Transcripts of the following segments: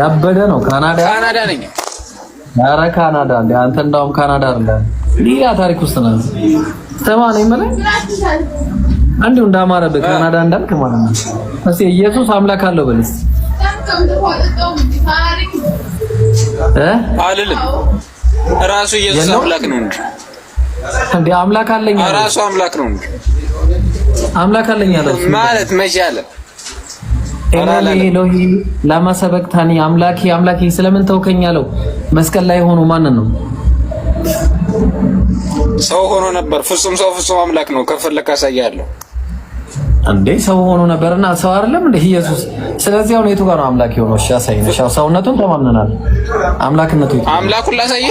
ያበደ ነው። ካናዳ ካናዳ ነኝ። ኧረ ካናዳ እንደ አንተ እንዳውም ካናዳ አለ ሌላ ታሪክ ውስጥ ነው። ተማን ይመለ አንዱ እንዳማረብህ ካናዳ እንዳልክ ማለት ነው። እስኪ ኢየሱስ አምላክ አለው በልስ አልልም ኢየሱስ አምላክ ነው እንጂ እንደ አምላክ አለኝ ራሱ አምላክ ነው እንጂ አምላክ አለኝ አለው ማለት መቼ አለ ኤሎሄ ላማ ሰበቅታኒ አምላኪ አምላኪ ስለምን ተውከኝ አለው። መስቀል ላይ ሆኖ ማን ነው? ሰው ሆኖ ነበር። ፍጹም ሰው ፍጹም አምላክ ነው። ከፈለክ አሳያለሁ። እንዴ ሰው ሆኖ ነበርና ሰው አይደለም እንዴ ኢየሱስ? ስለዚህ አሁን የቱ ጋር ነው አምላክ የሆነው? እሺ አሳየን። እሺ ሰውነቱን ተማምነናል። አምላክነቱ አምላኩን ላሳየ?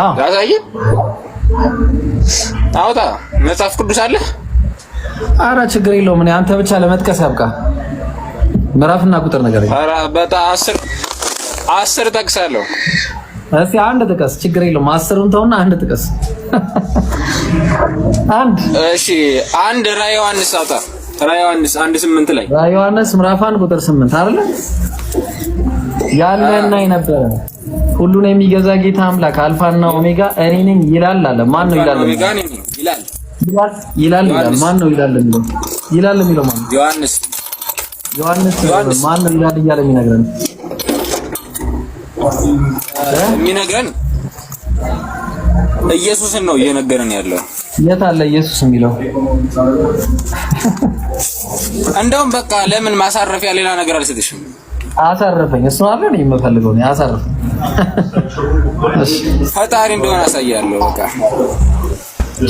አዎ ላሳየ። አውጣ መጽሐፍ ቅዱስ አለ። አረ ችግር የለውም። እኔ አንተ ብቻ ለመጥቀስ ያብቃ። ምዕራፍና ቁጥር ነገር በጣም አስር አስር ጠቅሳለሁ። እስቲ አንድ ጥቀስ፣ ችግር የለውም። አስሩን ተውና አንድ ጥቀስ። አንድ እሺ፣ አንድ ራዕይ ዮሐንስ አውጣ። ራዕይ ዮሐንስ አንድ ስምንት ላይ ራዕይ ዮሐንስ ምዕራፍ አንድ ቁጥር ስምንት አይደለ? ያለና የነበረ ሁሉን የሚገዛ ጌታ አምላክ አልፋና ኦሜጋ እኔ ነኝ ይላል አለ። ማን ነው ይላል? ኦሜጋ ነኝ ይላል ይላል ይላል። ማን ነው ይላል የሚለው? ይላል የሚለው ማን? ዮሐንስ ዮሐንስ ማን እንዳለ እያለ የሚነግረን የሚነግረን ኢየሱስን ነው እየነገረን ያለው። የት አለ ኢየሱስ የሚለው? እንደውም በቃ ለምን ማሳረፊያ ሌላ ነገር አልሰጥሽም። አሳረፈኝ። እሱ አለ ነው የምፈልገው ነው አሳረፈኝ። ፈጣሪ እንደሆነ አሳያለሁ። በቃ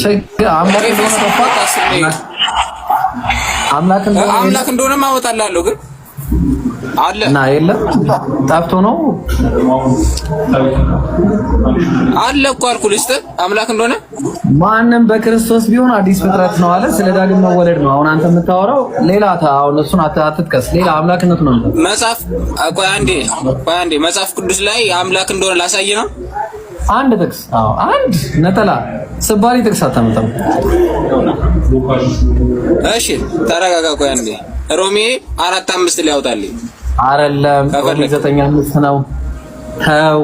ሸጋ አማሪ ነው ተፋታ አምላክ እንደሆነ አምላክ እንደሆነ ማወጣላለሁ ግን አለ እና የለም ጠፍቶ ነው አለ እኮ አልኩህ። ልስጥህ አምላክ እንደሆነ ማንም በክርስቶስ ቢሆን አዲስ ፍጥረት ነው አለ። ስለ ዳግም መወለድ ነው አሁን አንተ የምታወራው ሌላ። አሁን እሱን አትጥቀስ፣ ሌላ አምላክነት ነው መጽሐፍ። ቆይ አንዴ፣ ቆይ አንዴ መጽሐፍ ቅዱስ ላይ አምላክ እንደሆነ ላሳይ ነው አንድ ጥቅስ አንድ ነጠላ ስባሪ ጥቅስ አታመጣም። እሺ ተረጋጋ። ቆይ አንዴ ሮሚ አራት አምስት ሊያውጣልኝ ያውጣልኝ። አይደለም ሮሜ ዘጠኝ አምስት ነው። ተው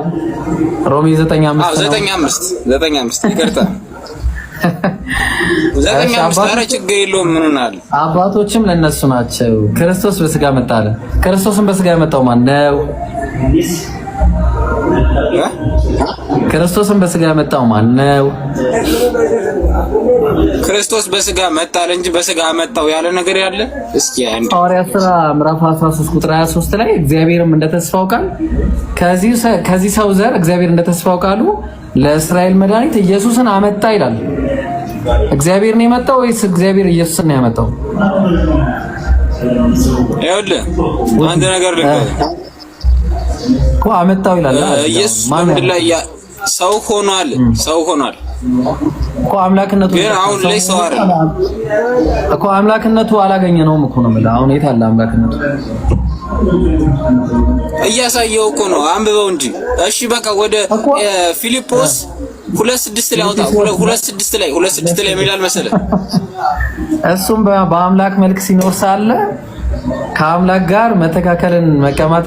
ሮሚ ዘጠኝ አምስት ነው። ዘጠኝ አምስት ዘጠኝ አምስት ይቅርታ፣ ዘጠኝ አምስት ኧረ ችግር የለውም። ምኑን አለ አባቶችም ለነሱ ናቸው። ክርስቶስ በስጋ መጣለ። አለ። ክርስቶስን በስጋ የመጣው ማን ነው? ክርስቶስን በስጋ መጣው ማን ነው? ክርስቶስ በስጋ መጣ እንጂ በስጋ መጣው ያለ ነገር ያለ? እስኪ አንድ ሐዋርያት ሥራ ምዕራፍ 13 ቁጥር 23 ላይ እግዚአብሔርም እንደተስፋው ቃል ከዚህ ሰው ዘር እግዚአብሔር እንደተስፋው ቃሉ ለእስራኤል መድኃኒት ኢየሱስን አመጣ ይላል። እግዚአብሔር ነው የመጣው ወይስ እግዚአብሔር ኢየሱስን ነው ያመጣው? ይኸውልህ አንድ ነገር ልንገርህ አመጣው ይላል። ኢየሱስ በምድር ላይ ሰው ሆኗል። ሰው ሆኗል እኮ አምላክነቱ ግን አሁን ላይ ሰው አይደለም እኮ አምላክነቱ አላገኘነውም እኮ ነው የምልህ። አሁን የት አለ አምላክነቱ? እያሳየው እኮ ነው፣ አንብበው እንጂ። እሺ በቃ ወደ ፊልጶስ ሁለት ስድስት ላይ አውጣ። ሁለት ስድስት ላይ ሁለት ስድስት ላይ የሚላል መሰለህ። እሱም በአምላክ መልክ ሲኖር ሳለ ከአምላክ ጋር መተካከልን መቀማት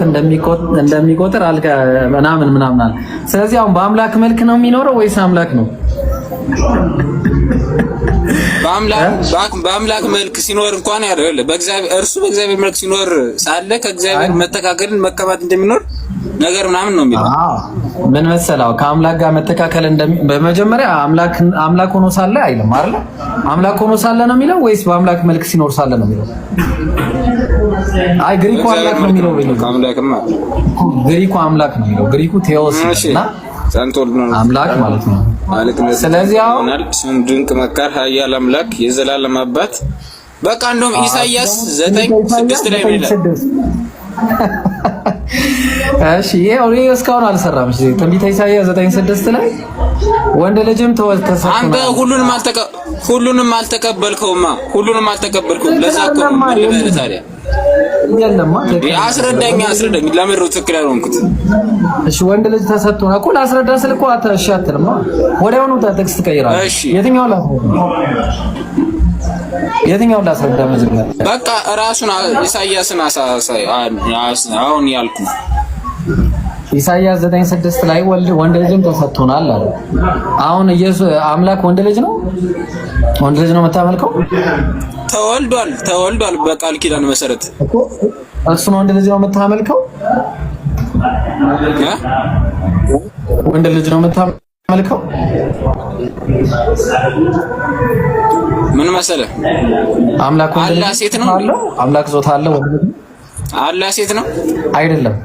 እንደሚቆጥር አልከ ምናምን ምናምን። ስለዚህ አሁን በአምላክ መልክ ነው የሚኖረው ወይስ አምላክ ነው? በአምላክ መልክ ሲኖር እንኳን ያደለ በእግዚአብሔር እርሱ በእግዚአብሔር መልክ ሲኖር ሳለ ከእግዚአብሔር መተካከልን መቀማት እንደሚኖር ነገር ምናምን ነው የሚለው። ምን መሰላው ከአምላክ ጋር መተካከል በመጀመሪያ አምላክ አምላክ ሆኖ ሳለ አይልም አይደል? አምላክ ሆኖ ሳለ ነው የሚለው ወይስ በአምላክ መልክ ሲኖር ሳለ ነው የሚለው? አይ ግሪኩ አምላክ ነው የሚለው። አምላክማ ግሪኩ አምላክ ነው የሚለው። ግሪኩ ቴዎስ እና አምላክ ማለት ነው። ማለት ነው። ስለዚህ አሁን ድንቅ መካር፣ ኃያል አምላክ፣ የዘላለም አባት በቃ እንደውም ኢሳይያስ ዘጠኝ ስድስት ላይ ነው እሺ ይሄ ኦሪ እስካሁን አልሰራም። እሺ ትንቢተ ኢሳይያስ 9:6 ላይ ወንድ ልጅም ተወተሰ አንተ ሁሉንም አልተቀ ሁሉንም አልተቀበልከውማ ሁሉንም አልተቀበልከውም። ለዛ እኮ ታዲያ አስረዳኝ፣ አስረዳኝ ለምን ነው ትክክል ያልሆንኩት? እሺ ወንድ ልጅ ተሰጥቶና እኮ ላስረዳ ወዲያውኑ ትቀይራለህ። እሺ የትኛው ላይ የትኛው ላስረዳ? መጀመሪያ በቃ ራሱን ኢሳያስን አሁን ያልኩ ኢሳያስ ዘጠኝ ስድስት ላይ ወልድ ወንድ ልጅም ተሰጥቶናል አለ። አሁን ኢየሱስ አምላክ ወንድ ልጅ ነው፣ ወንድ ልጅ ነው የምታመልከው። ተወልዷል፣ ተወልዷል በቃል ኪዳን መሰረት እሱን ወንድ ልጅ ነው የምታመልከው። ወንድ ልጅ ነው የምታመልከው ምን መሰለህ አምላክ አላ ሴት ነው አለው። አምላክ ጾታ አለ ወንድ አላህ ሴት ነው አይደለም?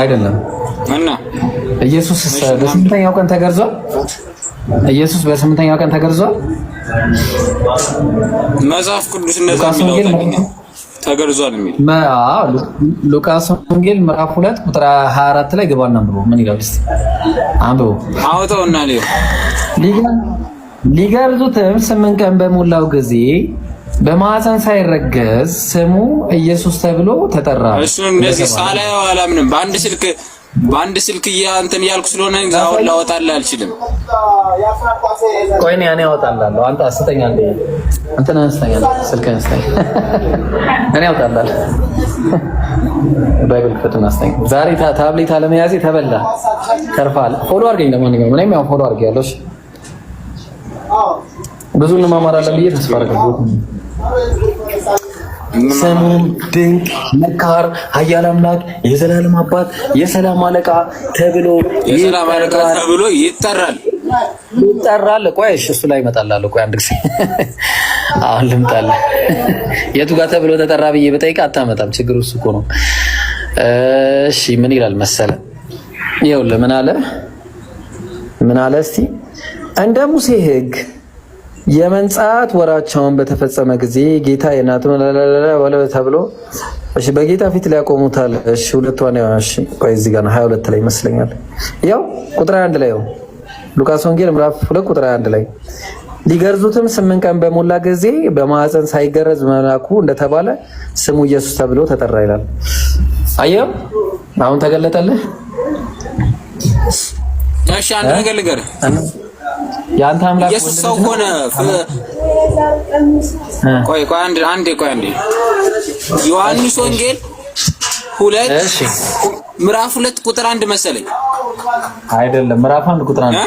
አይደለም። እና ኢየሱስ በስምንተኛው ቀን ተገርዟል። ኢየሱስ በስምንተኛው ቀን ተገርዟል። መጽሐፍ ቅዱስ እንደዛ የሚለው ተገርዟል የሚል ሉቃስ ወንጌል ምዕራፍ ሁለት ቁጥር 24 ላይ ግባና አንብቦ ምን ይላል? እስቲ አንብቦ አውጣውና ሊሆን ሊገርዙትም ስምንት ቀን በሞላው ጊዜ በማዕፀን ሳይረገዝ ስሙ ኢየሱስ ተብሎ ተጠራ። እሱ እንደዚህ ሳላየው አላምንም። በአንድ ስልክ በአንድ ስልክ እንትን እያልኩ ስለሆነ አሁን ላወጣልህ አልችልም። ቆይ እኔ እኔ አወጣልሃለሁ። አንተ አስተኛ እንደ እንትን አስተኛ ስልክ አስተኛ እኔ አወጣልሃለሁ። ባይብል ክፈቱን አስተኛ። ዛሬ ታብሌት አለመያዜ ተበላ ተርፋል። ፎሎ አድርገኝ ለማንኛውም እኔም ያው ፎሎ አድርጌያለሁ። ብዙ እንማማራለን ብዬ ተስፋ አደርጋለሁ። ስሙም ድንቅ መካር፣ ኃያል አምላክ፣ የዘላለም አባት፣ የሰላም አለቃ ተብሎ የሰላም አለቃ ተብሎ ይጠራል ይጠራል። ቆይ እሺ፣ እሱ ላይ እመጣላለሁ። ቆይ አንድ ጊዜ አሁን ልምጣልህ። የቱ ጋር ተብሎ ተጠራ ብዬ በጠይቅ አታመጣም። ችግሩ እሱ እኮ ነው። እሺ ምን ይላል መሰለ? ይኸውልህ ምን አለ ምን አለ እስቲ እንደ ሙሴ ህግ የመንጻት ወራቸውን በተፈጸመ ጊዜ ጌታ የእናቱ ወለ ተብሎ እሺ፣ በጌታ ፊት ላይ ያቆሙታል። እሺ፣ ሁለት ያው እሺ፣ ቆይ እዚህ ጋር 22 ላይ ይመስለኛል። ያው ቁጥር 1 ላይ ነው ሉቃስ ወንጌል ምዕራፍ 2 ቁጥር 1 ላይ ሊገርዙትም ስምንት ቀን በሞላ ጊዜ በማህፀን ሳይገረዝ መላኩ እንደተባለ ስሙ ኢየሱስ ተብሎ ተጠራ ይላል። አየው፣ አሁን ተገለጠልህ። እሺ፣ አንድ ነገር ልገርህ ያንተ አምላክ ኢየሱስ ሰው ሆነ። ቆይ ቆይ አንድ አንድ ቆይ አንድ ዮሐንስ ወንጌል ሁለት እሺ፣ ምዕራፍ ሁለት ቁጥር አንድ መሰለኝ አይደለም፣ ምዕራፍ አንድ ቁጥር አንድ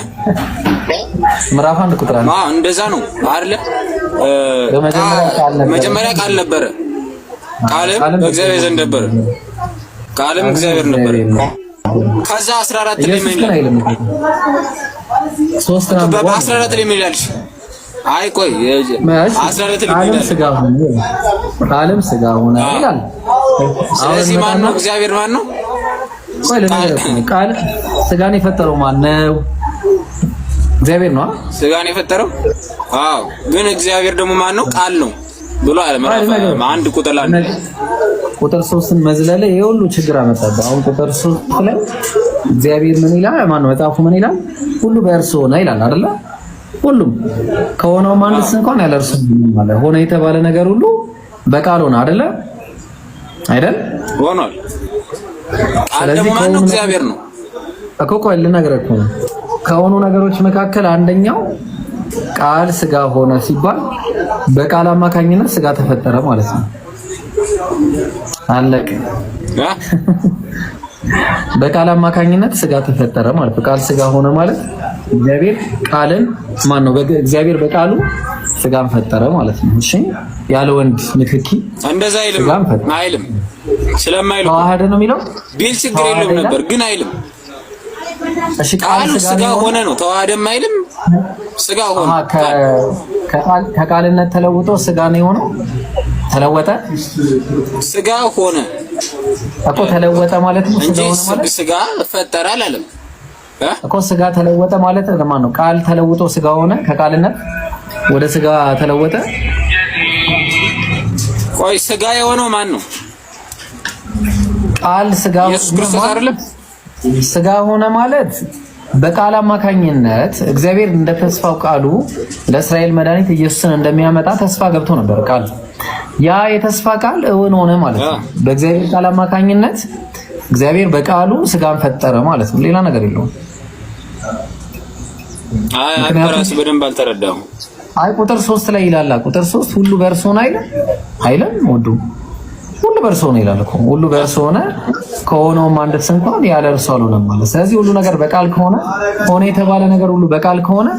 ምዕራፍ አንድ ቁጥር አንድ አዎ፣ እንደዛ ነው አይደለ? መጀመሪያ ቃል ነበረ፣ ቃልም እግዚአብሔር ዘንድ ነበረ፣ ቃልም እግዚአብሔር ነበረ። ከዛ 14 ላይ ምን ይላል? ሶስት ነው በ14 ላይ ምን ይላል? አይ ቆይ 14 ላይ ምን ዓለም ስጋ ሆነ ይላል። ስለዚህ ማን ነው? እግዚአብሔር ማን ነው? ቆይ ቃል ስጋን የፈጠረው ማን ነው? እግዚአብሔር ነው። ስጋን የፈጠረው አዎ። ግን እግዚአብሔር ደግሞ ማን ነው? ቃል ነው። ብሏል። ምዕራፍ አንድ ቁጥር ላይ ቁጥር ሶስትን መዝለለ የሁሉ ችግር አመጣብህ። አሁን ቁጥር ሶስት ላይ እግዚአብሔር ምን ይላል? ማነው መጽሐፉ ምን ይላል? ሁሉ በእርሱ ሆነ ይላል አይደለ? ሁሉም ከሆነውም አንድስ እንኳን ያለ እርሱ ማለት ሆነ የተባለ ነገር ሁሉ በቃል ሆነ አይደለ? አይደል? ሆኗል። ስለዚህ ከሆነ እግዚአብሔር ነው እኮ ቆይ ልነግርህ እኮ ከሆኑ ነገሮች መካከል አንደኛው ቃል ስጋ ሆነ ሲባል በቃል አማካኝነት ስጋ ተፈጠረ ማለት ነው። አለቀ። በቃል አማካኝነት ስጋ ተፈጠረ ማለት ነው። ቃል ስጋ ሆነ ማለት እግዚአብሔር ቃልን ማን ነው? እግዚአብሔር በቃሉ ስጋን ፈጠረ ማለት ነው። እሺ፣ ያለ ወንድ ንክኪ እንደዛ አይልም አይልም። ስለማይልም ተዋህደ ነው የሚለው ቢል ችግር የለውም ነበር ግን አይልም ቃሉ ስጋ ሆነ ነው ተዋህደም አይልም። ስጋ ሆነ ከቃልነት ተለውጦ ስጋ ነው የሆነው። ተለወጠ ስጋ ሆነ እኮ ተለወጠ ማለት ነው እንጂ ስጋ ፈጠረ አላለም እኮ። ስጋ ተለወጠ ማለት ለማን ነው? ቃል ተለውጦ ስጋ ሆነ፣ ከቃልነት ወደ ስጋ ተለወጠ። ቆይ ስጋ የሆነው ማን ነው? ቃል ስጋ ኢየሱስ ክርስቶስ አይደለም? ስጋ ሆነ ማለት በቃል አማካኝነት እግዚአብሔር እንደ ተስፋው ቃሉ ለእስራኤል መድኃኒት ኢየሱስን እንደሚያመጣ ተስፋ ገብቶ ነበር። ቃል ያ የተስፋ ቃል እውን ሆነ ማለት ነው። በእግዚአብሔር ቃል አማካኝነት እግዚአብሔር በቃሉ ስጋን ፈጠረ ማለት ነው። ሌላ ነገር የለውም። አይ አብራስ በደንብ አልተረዳሁም። አይ ቁጥር ሶስት ላይ ይላል። ቁጥር ሶስት ሁሉ በእርሱ ነው አይልም አይልም ወዱ ሁሉ በርሶ ነው ይላል እኮ። ሁሉ በርሶ ሆነ ከሆነውም አንድስ እንኳን ያለ እርሶ አልሆነም ማለት። ስለዚህ ሁሉ ነገር በቃል ከሆነ ሆነ የተባለ ነገር ሁሉ በቃል ከሆነ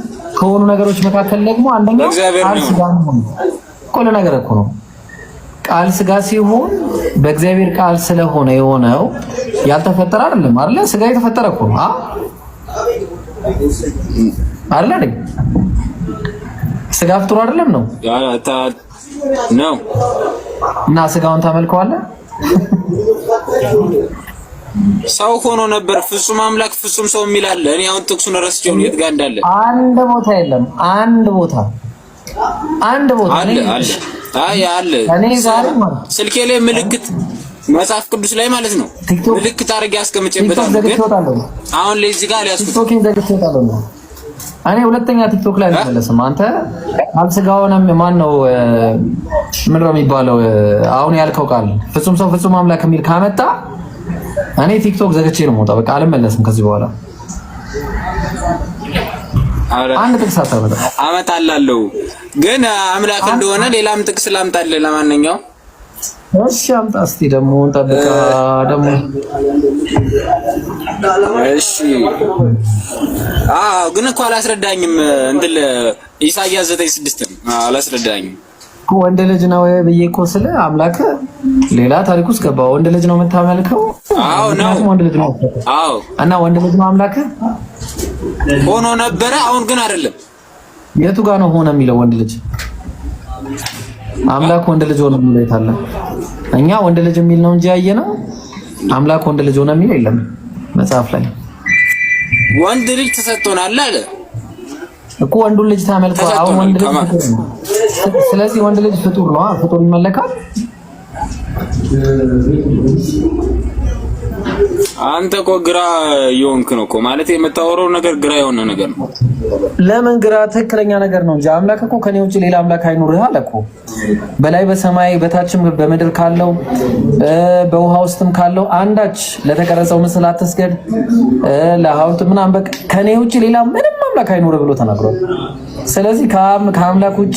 ከሆኑ ነገሮች መካከል ደግሞ አንደኛው ቃል ስጋ ነው ሁሉ ነገር እኮ ነው ቃል ስጋ ሲሆን በእግዚአብሔር ቃል ስለሆነ የሆነው ያልተፈጠረ አይደለም አይደለ? ስጋ የተፈጠረ እኮ ነው አይደለ? ስጋ ፍጥሮ አይደለም ነው ነው እና ስጋውን ታመልከዋለህ። ሰው ሆኖ ነበር ፍጹም አምላክ ፍጹም ሰው የሚል አለ። እኔ አሁን ጥቅሱን ረስቼው የት ጋር እንዳለ አንድ ቦታ የለም። አንድ ቦታ አንድ ቦታ አለ አለ። አይ አለ። እኔ ዛሬ ስልኬ ላይ ምልክት መጽሐፍ ቅዱስ ላይ ማለት ነው ምልክት አድርጌ አስቀምጬበታለሁ። ግን አሁን ላይ እዚህ ጋር ሊያስኩት ቲክቶክ ዘግቼ እወጣለሁ። እኔ ሁለተኛ ቲክቶክ ላይ አልመለስም። አንተ አልስጋውን ማን ነው ምን ነው የሚባለው? አሁን ያልከው ቃል ፍጹም ሰው ፍጹም አምላክ የሚል ካመጣ እኔ ቲክቶክ ዘግቼ ነው የምወጣው። በቃ አልመለስም ከዚህ በኋላ። አንድ ጥቅስ አታመጣ። አመጣላለሁ ግን አምላክ እንደሆነ ሌላም ጥቅስ ላምጣልህ ለማንኛውም እሺ አምጣ እስቲ ደግሞ እንጠብቃ ደግሞ እሺ አዎ ግን እኮ አላስረዳኝም እንትን ኢሳይያስ ዘጠኝ ስድስት አላስረዳኝም ወንድ ልጅ ነው ብዬ እኮ ስለ አምላክ ሌላ ታሪክ ውስጥ ገባ ወንድ ልጅ ነው የምታመልከው አዎ ነው ወንድ ልጅ ነው አዎ እና ወንድ ልጅ ነው አምላክ ሆኖ ነበረ አሁን ግን አይደለም የቱ ጋር ነው ሆነ የሚለው ወንድ ልጅ አምላክ ወንድ ልጅ ሆነ የሚለው የት አለ? እኛ ወንድ ልጅ የሚል ነው እንጂ ያየ ነው። አምላክ ወንድ ልጅ ሆነ የሚል የለም መጽሐፍ ላይ። ወንድ ልጅ ተሰጥቶናል አለ እኮ ወንዱን ልጅ ታመልከው። አሁን ወንድ ልጅ ስለዚህ ወንድ ልጅ ፍጡር ነው። ፍጡር ይመለካል አንተ እኮ ግራ የሆንክ ነው እኮ ማለት የምታወራው ነገር ግራ የሆነ ነገር ነው። ለምን ግራ? ትክክለኛ ነገር ነው እንጂ አምላክ እኮ ከኔ ውጭ ሌላ አምላክ አይኖርህ አለ እኮ። በላይ በሰማይ በታችም በምድር ካለው በውሃ ውስጥም ካለው አንዳች ለተቀረጸው ምስል አትስገድ፣ ለሐውልት ምናምን በቃ ከኔ ውጭ ሌላ ምንም አምላክ አይኖር ብሎ ተናግሯል። ስለዚህ ከአምላክ ውጭ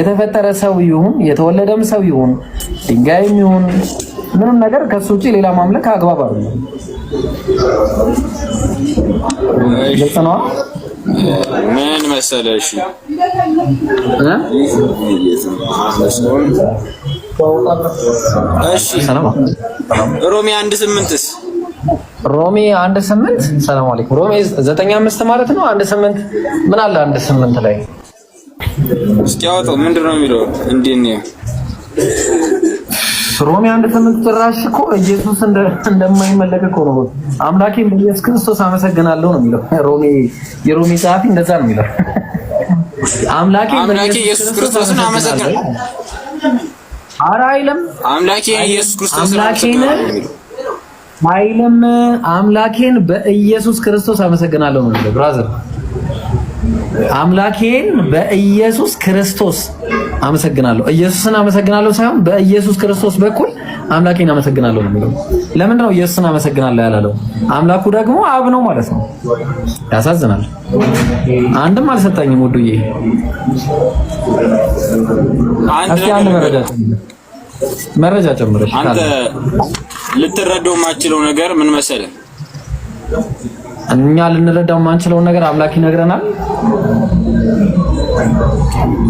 የተፈጠረ ሰው ይሁን የተወለደም ሰው ይሁን ድንጋይም ይሁን ምንም ነገር ከሱ ውጭ ሌላ ማምለክ አግባብ አይደለም። ምን መሰለሽ ሮሜ አንድ ስምንትስ ሮሜ አንድ ስምንት ሰላም አለይኩም። ሮሚ ዘጠኝ አምስት ማለት ነው። አንድ ስምንት ምን አለ? አንድ ስምንት ላይ እስኪ አውጣው። ምንድን ነው የሚለው? እንዴት ነው ሮሜ አንድ ስምንት ጭራሽ እኮ ኢየሱስ እንደ እንደማይመለክ እኮ ነው። አምላኬ በኢየሱስ ክርስቶስ አመሰግናለሁ ነው የሚለው ሮሜ። የሮሜ ጸሐፊ እንደዛ ነው የሚለው አምላኬ አምላኬ ኢየሱስ ክርስቶስን አመሰግናለሁ። ኧረ አይልም አምላኬ ኢየሱስ ክርስቶስን አመሰግናለሁ አይልም። አምላኬን በኢየሱስ ክርስቶስ አመሰግናለሁ ነው ብራዘር። አምላኬን በኢየሱስ ክርስቶስ አመሰግናለሁ ኢየሱስን አመሰግናለሁ ሳይሆን በኢየሱስ ክርስቶስ በኩል አምላኬን አመሰግናለሁ ነው የሚለው። ለምንድን ነው ኢየሱስን አመሰግናለሁ ያላለው? አምላኩ ደግሞ አብ ነው ማለት ነው። ያሳዝናል። አንድም አልሰጠኝም ውዱዬ። እስኪ አንድ መረጃ መረጃ ጨምረሽ አንተ ልትረዳው የማችለው ነገር ምን መሰለ? እኛ ልንረዳው የማንችለውን ነገር አምላክ ይነግረናል።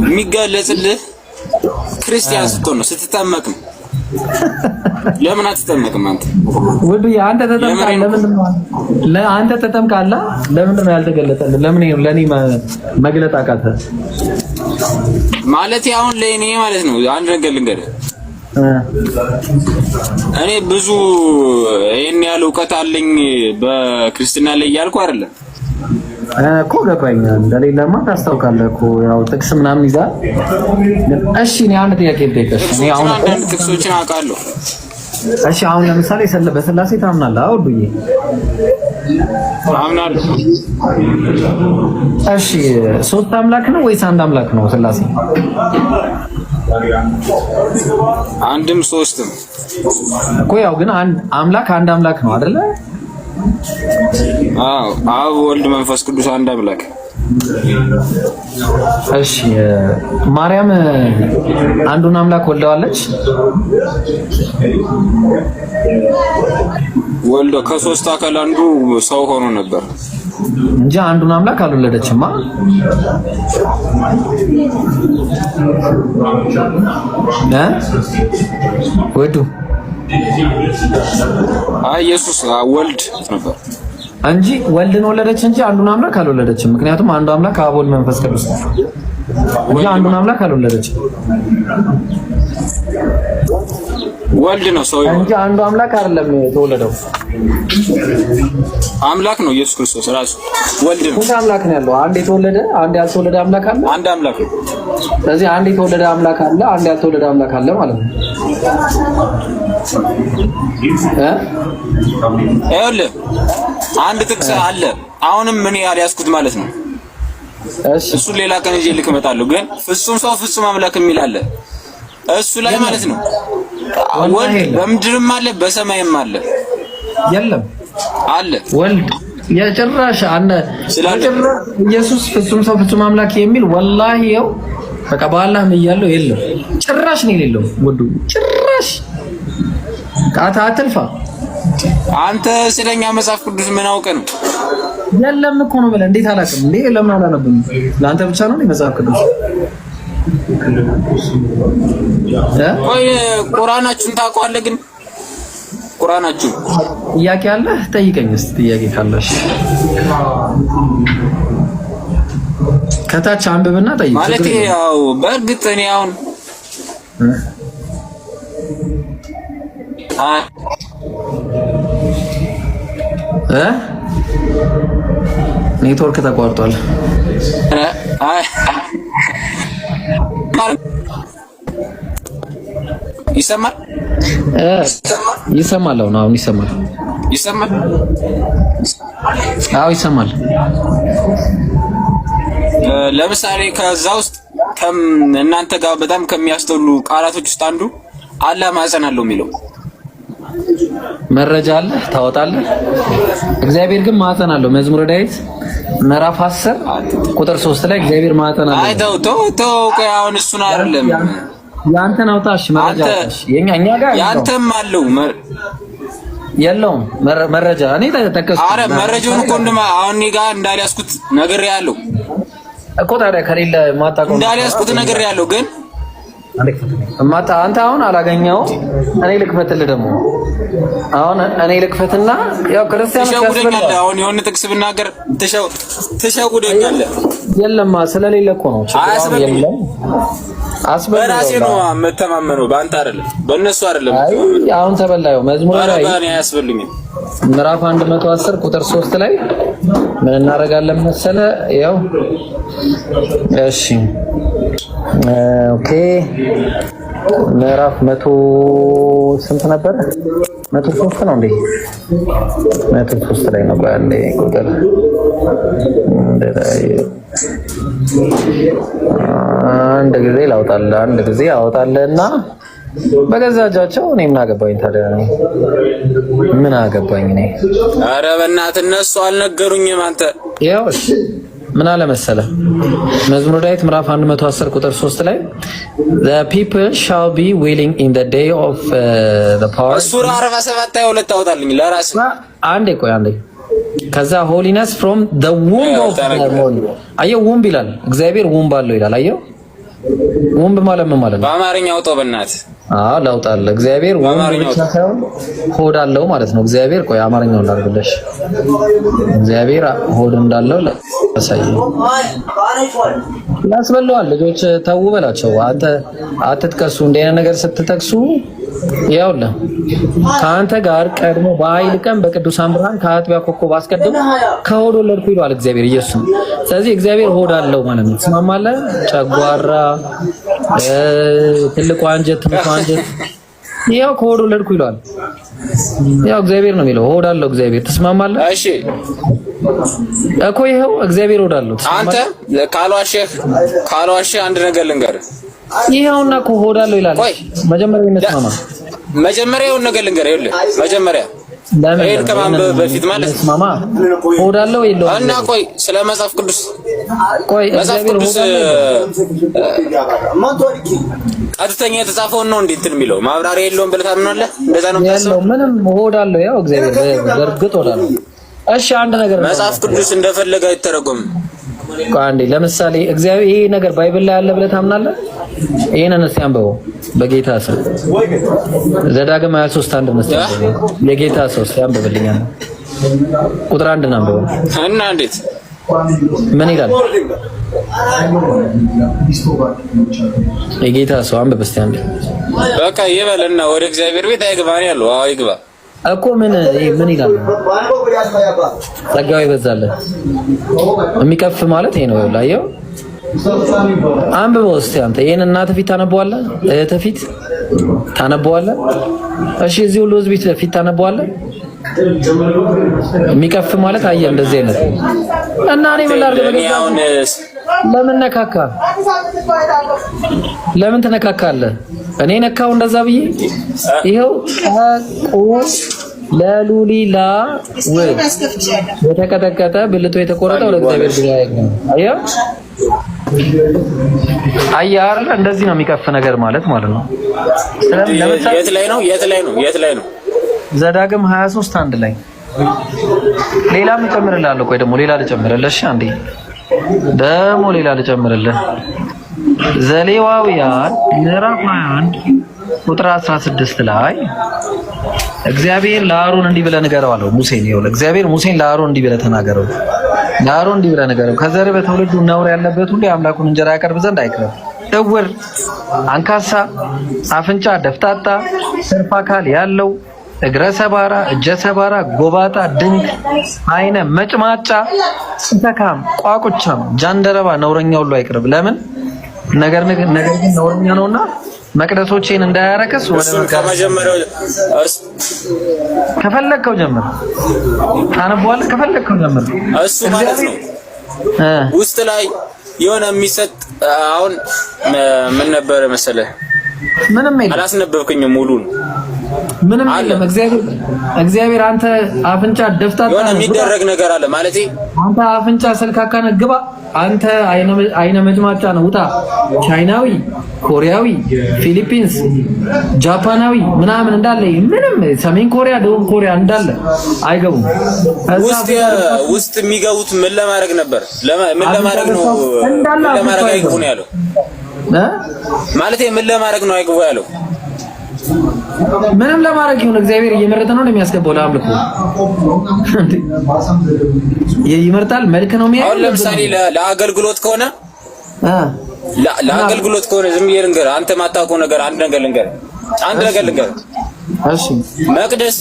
የሚገለጽልህ ክርስቲያን ስትሆን ነው፣ ስትጠመቅ ነው። ለምን አትጠመቅም? አንተ ውዱዬ አንተ ተጠምቃለህ። ለምን አንተ ተጠምቃለህ? ለምን ነው ያልተገለጠልህ? ለምን ለእኔ መግለጥ አቃተህ? ማለት አሁን ለእኔ ማለት ነው። አንድ ነገር ልንገርህ፣ እኔ ብዙ ይህን ያህል እውቀት አለኝ በክርስትና ላይ እያልኩ አይደለም እኮ ገባኝ። እንደሌለማ ታስታውቃለህ እኮ ያው ጥቅስ ምናምን ይዛ። እሺ እኔ አንድ ጥያቄ ልጠይቅሽ። እኔ አሁን ጥቅሶችን አውቃለሁ። እሺ አሁን ለምሳሌ በስላሴ ታምናለህ? አዎ ዱዬ አምናለሁ። እሺ ሶስት አምላክ ነው ወይስ አንድ አምላክ ነው ስላሴ? አንድም ሶስትም እኮ ያው ግን አንድ አምላክ አንድ አምላክ ነው አይደለ? አዎ አብ ወልድ መንፈስ ቅዱስ አንድ አምላክ። እሺ ማርያም አንዱን አምላክ ወልደዋለች። ወልዶ ከሶስት አካል አንዱ ሰው ሆኖ ነበር እንጂ አንዱን አምላክ አልወለደችማ። ወዱ አይ ኢየሱስ ወልድ ነበር እንጂ ወልድን ወለደች እንጂ አንዱን አምላክ አልወለደችም። ምክንያቱም አንዱ አምላክ አብ፣ ወልድ፣ መንፈስ ቅዱስ ነው። እንጂ አንዱን አምላክ አልወለደች ወልድ ነው ሰው እንጂ አንዱ አምላክ አይደለም የተወለደው። አምላክ ነው ኢየሱስ ክርስቶስ ራሱ ወልድ ነው። አምላክ ነው ያለው። አንድ የተወለደ አንድ ያልተወለደ አምላክ አለ። አንድ አምላክ ነው። ስለዚህ አንድ የተወለደ አምላክ አለ፣ አንድ ያልተወለደ አምላክ አለ ማለት ነው። አንድ ጥቅስ አለ። አሁንም ምን ያል ያስኩት ማለት ነው እሱን ሌላ ቀን ይዤ ልክ እመጣለሁ። ግን ፍጹም ሰው ፍጹም አምላክ የሚል አለ እሱ ላይ ማለት ነው። ወልድ በምድርም አለ በሰማይም አለ የለም አለ ወልድ የጭራሽ አለ ኢየሱስ ፍጹም ሰው ፍጹም አምላክ የሚል ወላሂ ይኸው በቃ በአላህም እያለው የለም ጭራሽ ነው የሌለው ወዱ ጭራሽ አትልፋ አንተ ስለኛ መጽሐፍ ቅዱስ ምን አውቀ ነው? የለም እኮ ነው ብለህ እንዴት አላውቅም እንዴ? ለምን አላነብም? ለአንተ ብቻ ነው መጽሐፍ ቅዱስ? ቆይ ቁርአናችሁን ታውቀዋለህ? ግን ቁርአናችሁ ጥያቄ አለ? ጠይቀኝ እስኪ ጥያቄ ካለሽ ከታች አንብብና ጠይቅ። ማለት ያው በእርግጥ እኔ አሁን ኔትወርክ ተቋርጧል። ይሰማል ይሰማል። አሁን አሁን ይሰማል ይሰማል። አዎ ይሰማል። ለምሳሌ ከዛ ውስጥ እናንተ ጋር በጣም ከሚያስጠሉ ቃላቶች ውስጥ አንዱ አላህ ማህፀን የሚለው መረጃ አለ ታወጣለህ። እግዚአብሔር ግን ማህፀን አለው። መዝሙረ ዳዊት ምዕራፍ 10 ቁጥር 3 ላይ እግዚአብሔር ማህፀን አለው። አይ ተው ተው ተው፣ ቆይ አሁን እሱን አይደለም ያንተን አውጣሽ መረጃ አውጣሽ። የኛ እኛ ጋር ያንተም አለው የለውም መረጃ እኔ ተጠቀስኩ። አረ መረጃውን እኮ እንደማ አሁን እኔ ጋር እንዳልያዝኩት ያለው እኮ። ታዲያ ከሌለ ማጣቀም እንዳልያዝኩት ያለው ግን እማታ አንተ አሁን አላገኘው እኔ ልክፈትልህ። ደግሞ አሁን እኔ ልክፈትና ያው ክርስቲያን ያስፈልጋል። አሁን የሆነ ጥቅስ ብናገር ትሸው ተሻውደኛለህ። የለማ ስለሌለ እኮ ነው። የለም በራሴ ነው የምተማመነው፣ በአንተ አይደለም፣ በእነሱ አይደለም። አሁን ተበላዩ መዝሙር ላይ አያስፈልግም። ምዕራፍ 110 ቁጥር 3 ላይ ምን እናደርጋለን መሰለ ያው እሺ ኦኬ ምዕራፍ መቶ ስንት ነበረ? መቶ ሶስት ነው እንዴ? መቶ ሶስት ላይ ነው ባለ ቁጥር አንድ ጊዜ ላውጣለ አንድ ጊዜ አወጣልህና በገዛ እጃቸው እኔ ምን አገባኝ ታዲያ? ምን አገባኝ እኔ። ኧረ በእናትህ እነሱ አልነገሩኝም አንተ ምን አለ መሰለ መዝሙረ ዳዊት ምዕራፍ 110 ቁጥር 3 ላይ the people shall be willing in the day of uh, the power ሱራ 47 22 ታወጣልኝ ለራስ አንዴ ቆይ አንዴ ከዛ holiness from the womb of their own አየው ውምብ ይላል እግዚአብሔር ውምብ አለው ይላል አየው ውምብ ማለት ምን ማለት ነው በአማርኛ አውጣው በእናትህ ለውጥ አለ። እግዚአብሔር ሆድ አለው ማለት ነው። እግዚአብሔር ቆይ አማርኛው እንዳርግለሽ እግዚአብሔር ሆድ እንዳለው ለሳይ ያስበለዋል። ልጆች ተው በላቸው። አንተ አትጥቀሱ እንደ ነገር ስትጠቅሱ ያውለ ከአንተ ጋር ቀድሞ በኃይል ቀን በቅዱሳን ብርሃን ከአጥቢያ ኮከብ አስቀድሞ ከሆድ ወለድኩ ይለዋል እግዚአብሔር ኢየሱስ። ስለዚህ እግዚአብሔር ሆድ አለው ማለት ነው። ትስማማለህ? ጨጓራ ትልቁ አንጀት ትልቁ አንጀት ያው ከሆድ ወለድኩ ይለዋል። ያው እግዚአብሔር ነው የሚለው ሆድ አለው እግዚአብሔር። ትስማማለህ? እሺ እኮ ይኸው እግዚአብሔር ሆድ አለው። አንተ ካልዋሸህ ካልዋሸህ አንድ ነገር ልንገርህ። ይኸውና እኮ ሆድ አለው ይላል። መጀመሪያ የሚስማማ መጀመሪያ የሆነ ነገር ልንገርህ። ይኸውልህ መጀመሪያ ይሄን ከማንበብ በፊት ማለት ማማ እና ቆይ ስለ መጽሐፍ ቅዱስ ቆይ መጽሐፍ ቅዱስ ቀጥተኛ የተጻፈውን ነው እንዴት እንትን የሚለው ማብራሪያ የለውም ብለህ ታምናለህ? እንደዛ ነው የምታስበው? ምንም ያው እግዚአብሔር በእርግጥ ሆዳለው። እሺ አንድ ነገር መጽሐፍ ቅዱስ እንደፈለገ አይተረጎምም። አንዴ ለምሳሌ እግዚአብሔር ይሄ ነገር ባይብል ላይ አለ ብለህ ታምናለህ? ይሄንን እስቲ አንብበው በጌታ ስም ዘዳግም 23 አንድ መስጠት የጌታ ሰው እስቲ አንብብልኝ ቁጥር አንድ ነው አንብበው እና እንዴት ምን ይላል? የጌታ ሰው አንብብ እስቲ አንዴ በቃ ይበልና ወደ እግዚአብሔር ቤት አይግባ ነው ያለው። አዎ ይግባ እኮ ምን ምን ይላል? ጸጋው ይበዛለን የሚቀፍ ማለት ይሄ ነው። ላየው አንብበው እስኪ አንተ ይሄን እናትህ ፊት ታነበዋለህ፣ እህትህ ፊት ታነበዋለህ። እሺ እዚህ ሁሉ ህዝብ ፊት ታነበዋለህ። የሚቀፍ ማለት አየህ፣ እንደዚህ አይነት እና እኔ ምን ላድርግ ለምን ነካካ? ለምን ትነካካለህ? እኔ ነካው እንደዛ ብዬ ይኸው ቁ ለሉሊላ የተቀጠቀጠ ብልቶ የተቆረጠው ለእግዚአብሔር ብቻ አያር እንደዚህ ነው የሚቀፍ ነገር ማለት ማለት ነው። የት ላይ ነው? የት ላይ ነው? የት ላይ ነው? ዘዳግም 23 አንድ ላይ ሌላም እጨምርልሃለሁ። ቆይ ደግሞ ሌላ ልጨምርልህ እሺ አንዴ ደግሞ ሌላ ልጨምርልህ። ዘሌዋውያን ምዕራፍ 21 ቁጥር 16 ላይ እግዚአብሔር ለአሮን እንዲህ ብለህ ንገረው አለው ሙሴን። ይኸውልህ እግዚአብሔር ሙሴን ለአሮን እንዲህ ብለህ ተናገረው፣ ለአሮን እንዲህ ብለህ ንገረው፣ ከዘር በትውልዱ ነውር ያለበት ሁሉ የአምላኩን እንጀራ ያቀርብ ዘንድ አይቅረብ። እውር፣ አንካሳ፣ አፍንጫ ደፍጣጣ፣ ስርፍ አካል ያለው እግረ ሰባራ፣ እጀ ሰባራ፣ ጎባጣ፣ ድንቅ፣ አይነ መጭማጫ፣ ስተካም፣ ቋቁቻም፣ ጃንደረባ፣ ነውረኛ ሁሉ አይቅርብ። ለምን ነገር ነገር ነገር ነውረኛ ነውና መቅደሶቼን እንዳያረክስ ወደ ከመጀመሪያው ከፈለግከው ጀምር፣ ታነበዋለህ። ከፈለግከው ጀምር። እሱ ማለት ነው ውስጥ ላይ የሆነ የሚሰጥ አሁን ምን ነበረ መሰለህ? ምንም አላስነበብክኝም ሙሉን ምንም የለም። እግዚአብሔር እግዚአብሔር አንተ አፍንጫ ደፍታታ ነው የሚደረግ ነገር አለ ማለት አንተ አፍንጫ ስልካካነ ግባ። አንተ አይነ መጅማጫ ነው ውጣ። ቻይናዊ፣ ኮሪያዊ፣ ፊሊፒንስ፣ ጃፓናዊ ምናምን እንዳለ ምንም ሰሜን ኮሪያ፣ ደቡብ ኮሪያ እንዳለ አይገቡም። ውስጥ ውስጥ የሚገቡት ምን ለማድረግ ነበር? ምን ለማድረግ ነው? ለማድረግ አይገቡ ነው ያለው ማለት ምን ለማድረግ ነው አይገቡ ያለው ምንም ለማድረግ ይሁን እግዚአብሔር እየመረጠ ነው የሚያስገባው። ለአምልኮ ይመርጣል። መልክ ነው የሚያየው። አሁን ለምሳሌ ለአገልግሎት ከሆነ ለአገልግሎት ከሆነ ዝም ብዬ ልንገርህ፣ አንተ ማታውቀው ነገር አንድ ነገር ልንገርህ፣ አንድ ነገር ልንገርህ። እሺ መቅደስ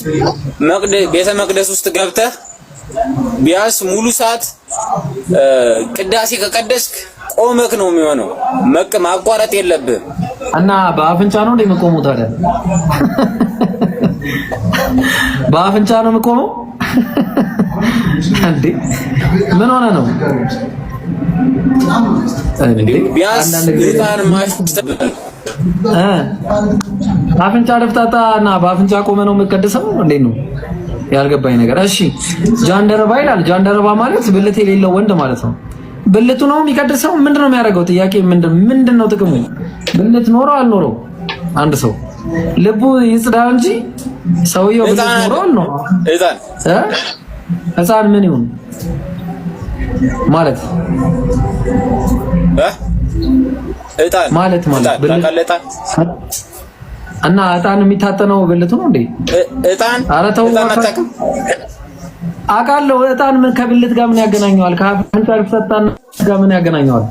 መቅደስ ቤተ መቅደስ ውስጥ ገብተህ ቢያንስ ሙሉ ሰዓት ቅዳሴ ከቀደስክ ቆመክ ነው የሚሆነው። መቅ ማቋረጥ የለብህም እና በአፍንጫ ነው እንደ የምቆመው ታዲያ? በአፍንጫ ነው የምቆመው እንዴ? ምን ሆነ ነው አፍንጫ ደፍታታ እና በአፍንጫ ቆመ ነው የምቀድሰው እንዴ ነው ያልገባኝ ነገር። እሺ ጃንደረባ ይላል። ጃንደረባ ማለት ብልት የሌለው ወንድ ማለት ነው። ብልቱ ነው የሚቀድሰው? ምንድን ነው የሚያደርገው? ጥያቄ ምንድን ነው ጥቅሙ? ብልት ኖረው አልኖረው አንድ ሰው ልቡ ይጽዳ እንጂ ሰውየው ብልት ኖረው ነው ህፃን ምን ይሁን ማለት ማለት ማለት እና እጣን የሚታጠነው ብልቱ ነው እንዴ? እጣን አረተው አውቃለሁ። እጣን ምን ከብልት ጋር ምን ያገናኘዋል? ከአፍንጫ ሰጣን ጋር ምን ያገናኘዋል?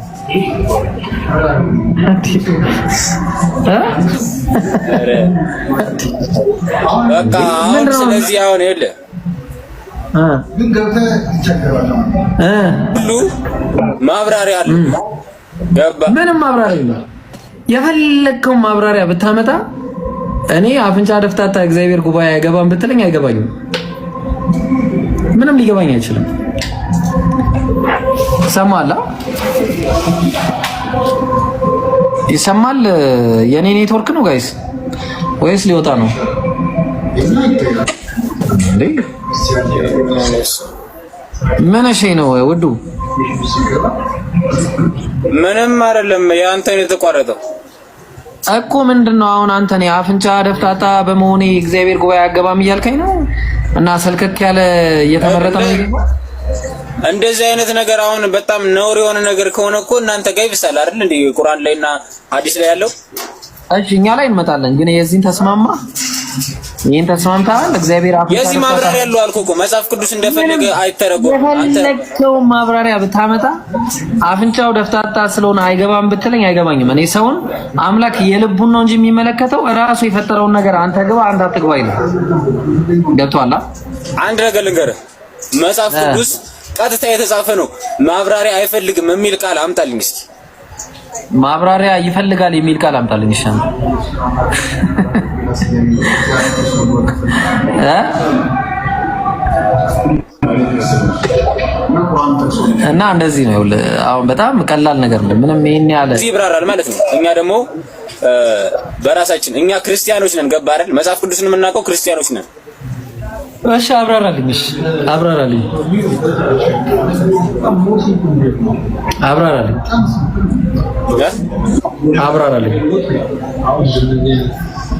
ስለዚህ አሁን ይኸውልህ ሁሉ ማብራሪያ አለ። ምንም ማብራሪያ የለም። ማብራሪያ ብታመጣ እኔ አፍንጫ ደፍታታ እግዚአብሔር ጉባኤ አይገባም ብትለኝ አይገባኝም። ምንም ሊገባኝ አይችልም። ይሰማል ይሰማል። የኔ ኔትወርክ ነው ጋይስ ወይስ ሊወጣ ነው? ምን እሺ ነው ውዱ? ምንም አይደለም። የአንተ ነው የተቋረጠው። እኮ ምንድን ነው አሁን አንተ እኔ አፍንጫ ደፍታጣ በመሆኔ እግዚአብሔር ጉባኤ አገባም እያልከኝ ነው? እና ሰልከክ ያለ እየተመረጠ ነው። እንደዚህ አይነት ነገር አሁን በጣም ነውር የሆነ ነገር ከሆነ እኮ እናንተ ጋር ይብሳል አይደል? እንደ ቁርአን ላይና ሐዲስ ላይ ያለው። እሺ እኛ ላይ እንመጣለን፣ ግን የዚህን ተስማማ ይህን ተስማምተሃል? እግዚአብሔር አፍ የዚህ ማብራሪያ ያለው አልኩህ እኮ መጽሐፍ ቅዱስ እንደፈለገ አይተረጎም። የፈለግከውን ማብራሪያ ብታመጣ አፍንጫው ደፍታታ ስለሆነ አይገባም ብትለኝ አይገባኝም። እኔ ሰውን አምላክ የልቡን ነው እንጂ የሚመለከተው እራሱ የፈጠረውን ነገር አንተ ግባ አንተ አትግባ ይላል። ገብቶሃል? አንድ ነገር ልንገርህ፣ መጽሐፍ ቅዱስ ቀጥታ የተጻፈ ነው። ማብራሪያ አይፈልግም የሚል ቃል አምጣልኝ እስኪ። ማብራሪያ ይፈልጋል የሚል ቃል አምጣልኝ ይሻላል። እና እንደዚህ ነው። አሁን በጣም ቀላል ነገር ነው። ምንም ይሄን ያለ እዚህ ይብራራል ማለት ነው። እኛ ደግሞ በራሳችን እኛ ክርስቲያኖች ነን። ገባ አይደል? መጽሐፍ ቅዱስን የምናውቀው ክርስቲያኖች ነን። እሺ አብራራልኝ። እሺ አብራራልኝ። አብራራልኝ። አብራራልኝ